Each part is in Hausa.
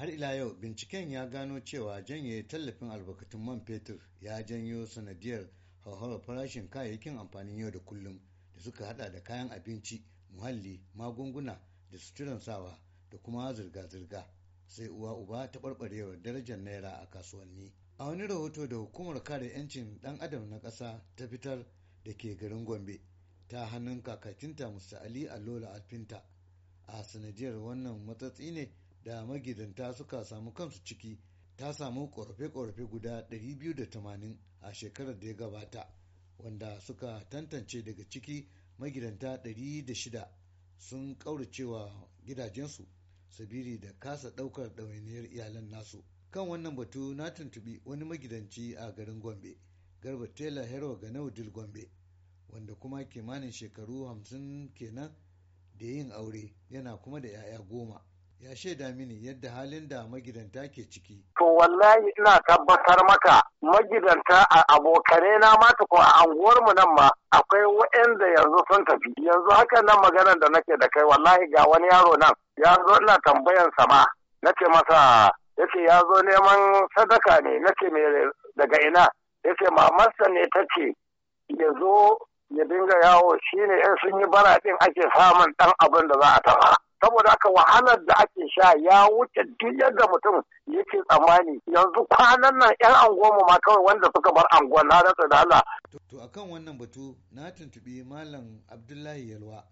har ila yau binciken ya gano cewa janye tallafin albarkatun man fetur ya janyo sanadiyar hauhawar farashin kayayyakin amfanin yau da kullum da suka hada da kayan abinci muhalli magunguna da suturan sawa da kuma zirga-zirga sai uwa uba ta barbarewar darajar naira a kasuwanni a wani rahoto da hukumar kare 'yancin dan adam na ƙasa ta fitar da ke garin gombe ta hannun kakakinta musta ali alola alfinta a sanadiyar wannan matsatsi ne da magidanta suka samu kansu ciki ta samu ƙorafe-ƙorafe guda 280 a shekarar da ya gabata wanda suka tantance daga ciki magidanta 106 sun ƙauracewa gidajensu sabiri da kasa ɗaukar ɗawainiyar iyalan nasu kan wannan batu na tuntubi wani magidanci a garin gombe garba tela herwa ga naudil gombe wanda kuma kimanin shekaru hamsin kenan da yin aure yana kuma da 'ya'ya goma ya shaida mini yadda halin da magidanta ke ciki. To wallahi ina tabbatar maka magidanta a abokane na mata ko a anguwarmu nan ma akwai waɗanda yanzu sun tafi. Yanzu haka nan maganar da nake da kai wallahi ga wani yaro nan ya zo ina tambayan sama nake masa yace ya zo neman sadaka ne nake me daga ina yace mamarsa ne ta ce ya zo ya dinga yawo shine in sun yi bara din ake samun ɗan abin da za a tafa. saboda haka wahalar da ake sha ya wuce duk yadda mutum yake tsammani yanzu kwanan nan yan angoma ma kawai wanda suka bar anguwa na da To akan wannan batu na tuntubi Malam Abdullahi Yalwa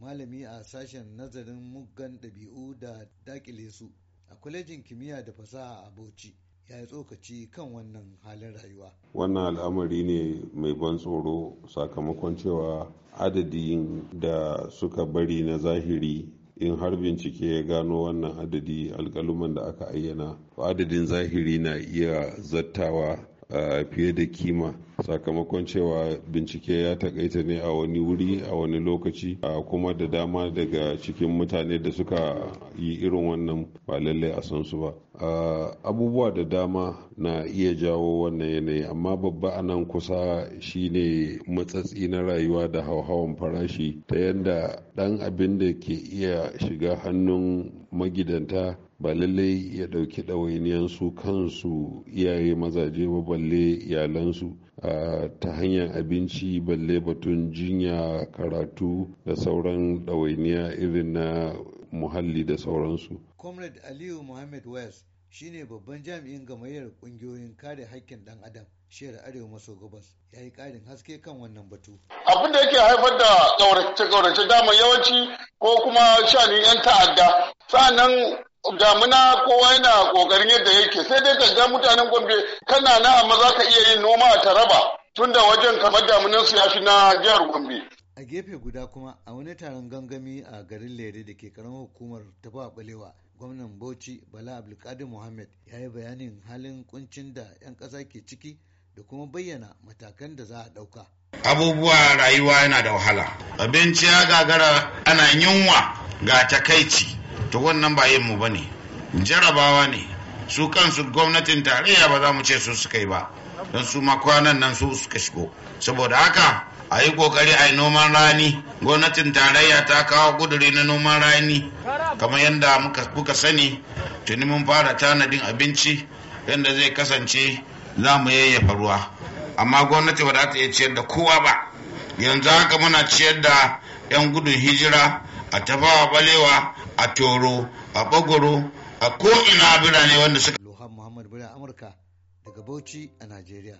malami a sashen nazarin muggan ɗabi'u da dakile su a kwalejin kimiyya da fasaha a Bauchi. ya yi tsokaci kan wannan halin rayuwa. Wannan al'amari ne mai ban tsoro sakamakon cewa adadin da suka bari na zahiri in har bincike ya gano wannan adadi alkaluman da aka ayyana adadin zahiri na iya zattawa eh, fiye da kima sakamakon cewa bincike ya takaita ne a wani wuri a wani lokaci a kuma da dama daga cikin mutane da suka yi irin wannan ba lallai a san su ba abubuwa da dama na iya jawo wannan yanayi amma babba a nan kusa shine matsatsi na rayuwa da hauhawan farashi ta yadda dan abin da ke iya shiga hannun magidanta ba lallai ya ɗauki ɗawainiyansu kansu iyaye mazaje ba balle iyalansu ta hanyar abinci balle batun jinya karatu da sauran ɗawainiya irin na muhalli da sauransu. comrade aliyu Mohammed west shine babban jami'in gamayyar ƙungiyoyin kare haƙƙin ɗan adam shiyar arewa maso gabas ya yi ƙarin haske kan wannan batu. abin da yake haifar da ƙaurace-ƙaurace dama yawanci ko kuma shanin 'yan ta'adda sa'annan damuna kowa yana kokarin yadda yake sai dai ka ga mutanen gombe kana na amma za ka iya yin noma a taraba tunda wajen kamar damunan su ya fi na jihar gombe a gefe guda kuma a wani taron gangami a garin lere da ke karamar hukumar ta ba balewa gwamnan bauchi bala abdulkadir muhammad ya yi bayanin halin kuncin da 'yan ƙasa ke ciki da kuma bayyana matakan da za a ɗauka abubuwa rayuwa yana da wahala abinci ya gagara ana yunwa ga takaici to wannan ba yin mu ba ne jarabawa ne su kansu gwamnatin tarayya ba za mu ce su suka yi ba don su ma kwanan nan su suka shigo saboda haka a yi kokari a yi noman rani gwamnatin tarayya ta kawo kuduri na noman rani kamar yadda muka sani tuni mun fara tanadin abinci yadda zai kasance za mu yayyafa ruwa amma gwamnati ba za ta iya ciyar da kowa ba yanzu haka muna ciyar da 'yan gudun hijira a tafawa balewa a toro a bagoro a ko'ina birane wanda suka. Lohan Muhammad Bula Amurka daga Bauchi a Najeriya.